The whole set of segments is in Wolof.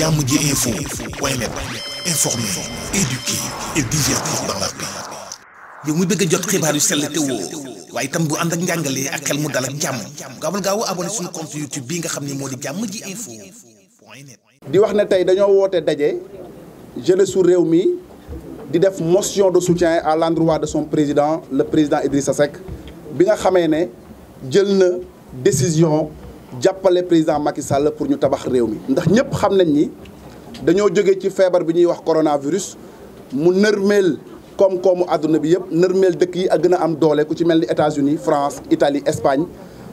jàmm ji info point net informer, éduquer yow mi bëgg jot xibaar yu sell te woo waaye tam bu ànd ak njàngalee ak xel mu dal ak jàmm gaawal gaaw abonné suñu compte bi nga xam ne moo di jàmm ji info di wax na tey dañoo woote daje jeunesse su réew mi di def motion de soutien à l'endroit de son président le président Idrissa Seck bi nga xamee ne jël na décision jàppale président Macky Sall pour ñu tabax réew mi ndax ñëpp xam nañ ni dañoo jóge ci feebar bi ñuy wax coronavirus mu nërmeel koom-koomu àdduna bi yëpp nërmeel dëkk yi ak gën a am doole ku ci mel ni États-Unis France Italie Espagne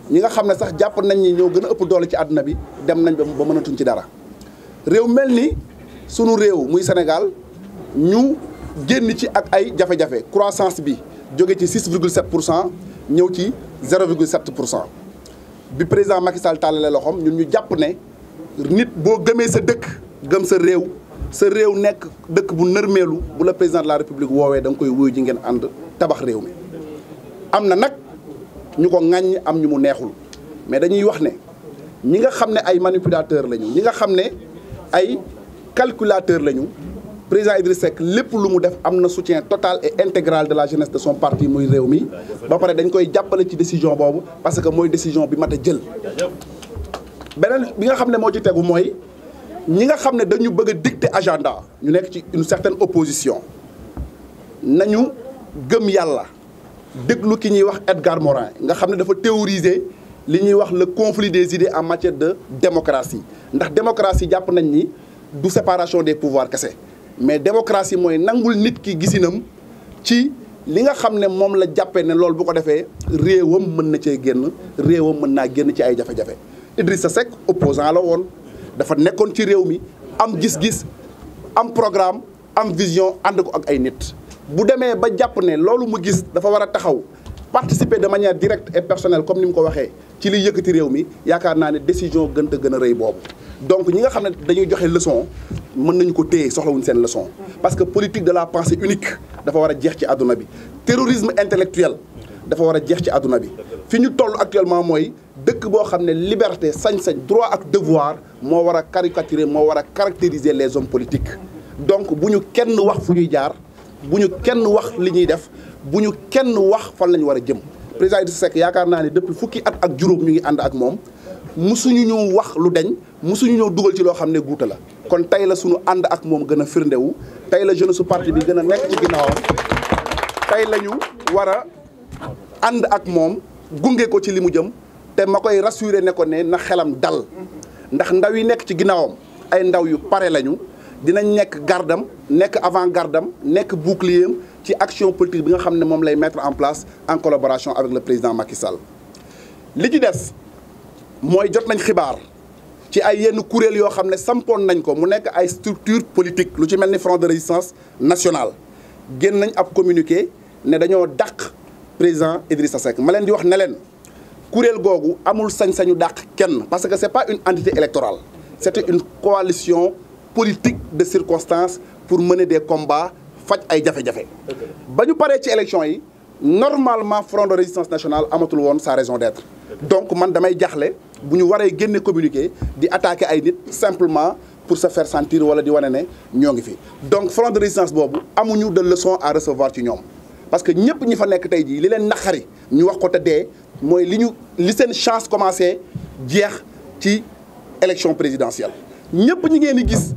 ñi nga xam ne sax jàpp nañ ñi ñoo gën a ëpp doole ci àdduna bi dem nañ ba mënatuñ ci dara réew mel ni sunu réew muy Sénégal ñu génn ci ak ay jafe-jafe croissance bi jóge ci 6,7 pour cent ñëw ci 0,7 pour cent. bi président Macky Sall tàllale loxoom ñun ñu jàpp ne nit boo gëmee sa dëkk gëm sa réew sa réew nekk dëkk bu nërmeelu bu la président la république woowee danga koy wuyu ji ngeen ànd tabax réew mi. am na nag ñu ko ŋàññ am ñu mu neexul mais dañuy wax ne ñi nga xam ne ay manipulateurs lañu ñi nga xam ne ay calculateurs lañu. président Idriss sec lépp lu mu def am na soutien total et intégral de la jeunesse de son parti muy réew mi ba pare dañ koy jàppale ci décision boobu parce que mooy décision bi mat a jël beneen bi nga xam ne moo ci tegu mooy ñi nga xam ne dañu bëgg a dicter agenda ñu nekk ci une certaine opposition nañu gëm yàlla déglu ki ñuy wax Edgar Morin nga xam ne dafa théoriser li ñuy wax le conflit des idées en matière de démocratie ndax démocratie jàpp nañ ni du séparation des pouvoirs kese mais démocratie mooy nangul nit ki gisinam ci li nga xam ne moom la jàppee ne loolu bu ko defee réewam mën na cee génn réewam mën naa génn ci ay jafe-jafe sa Seck opposant la woon dafa nekkoon ci réew mi am gis-gis am programme am vision ànd ko ak ay nit bu demee ba jàpp ne loolu mu gis dafa war a taxaw participer de manière directe et personnelle comme ni mu ko waxee ci liy yëkkati réew mi yaakaar naa ne décision gën a gën a rëy boobu donc ñi nga xam ne dañuy joxe leçon mën nañu ko téye soxlawuñ seen leçon parce que politique de la pensée unique dafa war a jeex ci àdduna bi terrorisme intellectuel dafa war a jeex ci àdduna bi fi ñu toll actuellement mooy dëkk boo xam ne liberté sañ-sañ droit ak devoir moo war a caricaturer moo war a caractériser les hommes politiques donc bu ñu kenn wax fu ñuy jaar bu ñu kenn wax li ñuy def bu ñu kenn wax fan la ñu war a jëm président Idrissa yaakaar naa ne depuis fukki at ak juróom ñu ngi ànd ak moom musuñu ñëw wax lu dañ musuñu ñëw dugal ci loo xam ne guuta la kon tey la suñu ànd ak moom gën a firndewu tey la jeunesse su parti bi gën a nekk ci ginnaawam tey la ñu war a ànd ak moom gunge ko ci li mu jëm te ma koy rassuré ne ko ne na xelam dal ndax ndaw yi nekk ci ginnaawam ay ndaw yu pare lañu dinañ nekk gardam nekk avant gardem nekk bouclier ci action politique bi nga xam ne moom lay mettre en place en collaboration avec le président Macky Sall li ci des mooy jot nañ xibaar ci ay yenn kuréel yoo xam ne sampoon nañ ko mu nekk ay structure politique lu ci mel ni front de résistance nationale génn nañ ab communiqué ne dañoo dàq président Idrissa Seck ma leen di wax ne leen kuréel googu amul sañ-sañu dàq kenn parce que c'est pas une entité électorale c'était une coalition politique de circonstances pour mener des combats faj ay jafe-jafe ba ñu paree ci élection yi normalement front de résistance nationale amatul woon sa raison d'être donc man damay jaaxle bu ñu waree génne communiqué di attaqué ay nit simplement pour se faire sentir wala di wane ne ñoo ngi fi donc front de résistance boobu amuñu de leçon à recevoir ci ñoom parce que ñëpp ñi fa nekk tey jii li leen naqari ñu wax ko te dee mooy li ñu li seen chance commencé jeex ci élection présidentielle ñëpp ñi ngeen di gis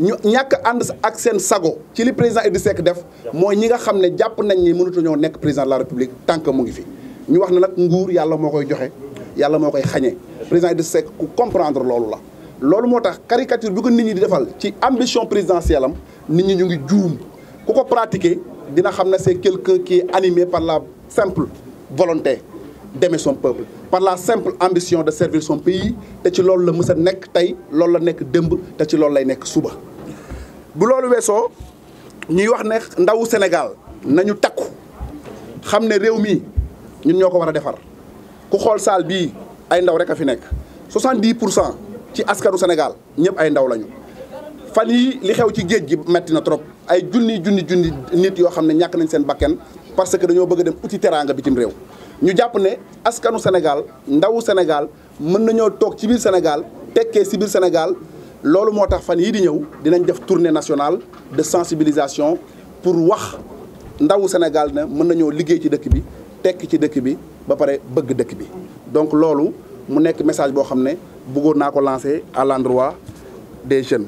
ñu ñàkk ànd ak seen sago ci li président Idrissa Seck def mooy ñi nga xam ne jàpp nañ ni mënatu ñoo nekk président de la république tant que mu ngi fi ñu wax na nag nguur yàlla moo koy joxe yàlla moo koy xañee président de Seck ku comprendre loolu la loolu moo tax caricature bi ko nit ñi di defal ci ambition présidentielle am nit ñi ñu ngi juum ku ko pratiquer dina xam ne c'est quelqu'un qui est par la simple volonté d'aimer son peuple par la simple ambition de servir son pays te ci loolu la mës a nekk tey loolu la nekk démb te ci loolu lay nekk suba bu loolu weesoo ñuy wax ne ndawu Sénégal nañu takku xam ne réew mii ñun ñoo ko war a defar ku xool saal bii ay ndaw rek a fi nekk 70 pour cent ci askanu Sénégal ñëpp ay ndaw lañu fan yi li xew ci géej gi metti na trop ay junni junni junni nit yoo xam ne ñàkk nañ seen bakken parce que dañoo bëgga dem uti teraanga bitim réew ñu jàpp ne askanu Sénégal ndawu Sénégal mën nañoo toog ci biir Sénégal tekkee si biir Sénégal loolu moo tax fan yii di ñëw dinañ def tournée nationale de sensibilisation pour wax ndawu Sénégal ne mën nañoo liggéey ci dëkk bi tekki ci dëkk bi ba pare bëgg dëkk bi donc loolu mu nekk message boo xam ne buggoon naa ko lancer à l'endroit des jeunes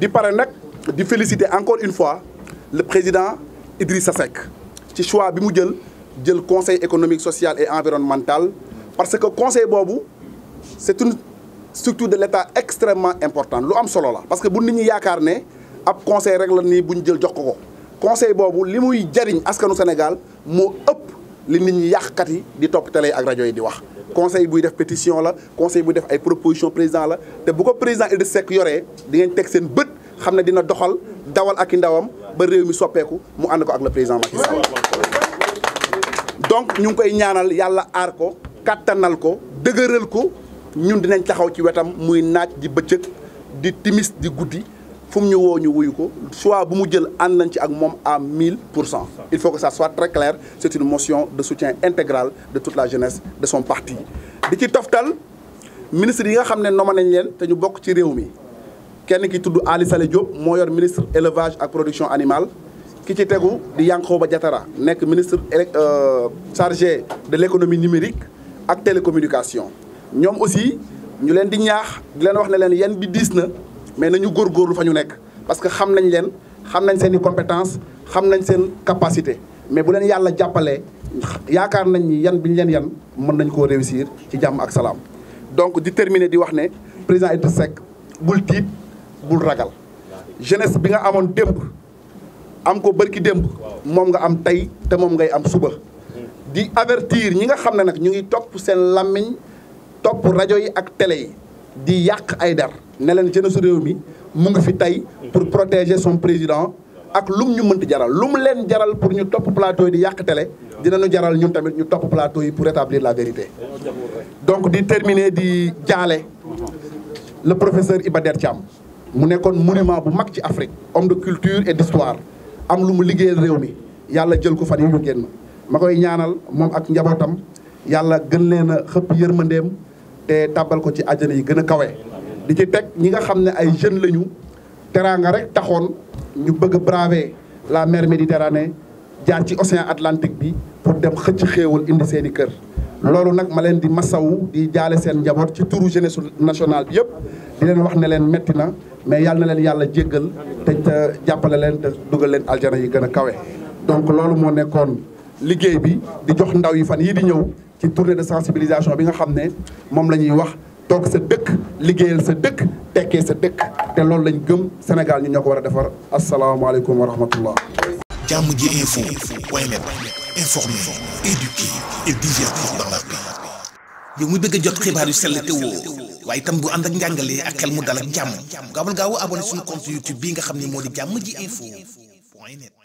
di pare nag di féliciter encore une fois le président Idrissa Seck ci choix bi mu jël jël conseil économique social et environnemental parce que conseil boobu c'est une structure de l'État extrêmement important lu am solo la parce que bu nit ñi yaakaar ne ab conseil rek la nii bu ñu jël jox ko ko conseil boobu li muy jariñ askanu Sénégal moo ëpp li nit ñi yàqkat yi di topp télé ak rajo yi di wax conseil buy def pétition la conseil buy def ay proposition président la te bu ko président Idrissa Seck yoree di ngeen teg seen bët xam ne dina doxal dawal ak i ndawam ba réew mi soppeeku mu ànd ko ak le président Macky donc ñu ngi koy ñaanal yàlla aar ko kàttanal ko dëgëral ko ñun dinañ taxaw ci wetam muy naaj di bëccëg di timis di guddi fu mu ñu woo ñu wuyu ko choix bu mu jël ànd nañ ci ak moom à 1000 pour cent il faut que ça soit très clair c'est une motion de soutien intégral de toute la jeunesse de son parti di ci toftal ministre yi nga xam ne nommé nañ leen te ñu bokk ci réew mi kenn ki tudd Ali Saleh Diop moo yore ministre élevage ak production animale ki ci tegu di ba jatara nekk ministre euh, chargé de l'économie numérique ak télécommunication ñoom aussi ñu leen di ñaax di leen wax ne leen yan bi diis na mais nañu góorlu fa ñu nekk parce que xam nañ leen xam nañ seen i compétence xam nañ seen capacité mais bu leen yàlla jàppalee yaakaar nañ ni yan bi leen yan mën nañ koo réussir ci jàmm ak salaam donc di terminer di wax ne président Idrissa Seck bul tiit bul ragal jeunesse bi nga amoon démb am ko bërki démb moom nga am tey te moom ngay am suba di avertir ñi nga xam ne nag ñu ngi topp seen làmmiñ topp rajo yi ak tele yi di yàq ay dar ne leen jeunesse réew mi mun ngi fi tey pour protéger son président ak lum ñu mënti jaral lu mu leen jaral pour ñu topp plateau yi di yàq dina dinañu jaral ñun tamit ñu topp plateau yi pour rétablir la vérité donc di terminer di jaale le professeur Iba Der Thiam mu nekkoon monument bu mag ci Afrique homme de culture et d'histoire am lu mu liggéeyal réew mi yàlla jël ko fan yi ñu génn ma koy ñaanal moom ak njabootam yàlla gën leen a xëpp yërmandeem te tàbbal ko ci àjjana yi gën a kawe di ci teg ñi nga xam ne ay jeunes lañu teraanga rek taxoon ñu bëgg a braver la mer Méditerranée jaar ci océan Atlantique bi pour dem xëcc xéewal indi seen i kër. loolu nag ma leen di masawu di jaale seen njaboot ci turu jeunesse nationale bi yëpp di leen wax ne leen metti na mais yàlla na leen yàlla jéggal te jàppale leen te dugal leen aljana yi gën a kawe. donc loolu moo nekkoon liggéey bi di jox ndaw yi fan yii di ñëw ci tournée de sensibilisation bi nga xam ne moom la ñuy wax. toog sa dëkk liggéeyal sa dëkk tekkee sa dëkk te loolu lañ gëm senegal ñu ñoo ko war a defar asalaamaaleykum wa rahmatullah jàmm ji info point net informer, éduquer et divertir dans la paix. yow bëgg a jot xibaar yu sell te woo waaye itam bu ànd ak njàngalee ak xel mu dal ak jàmm gaawal gaaw abonné suñu compte YouTube bii nga xam ne moo di jàmm ji info point net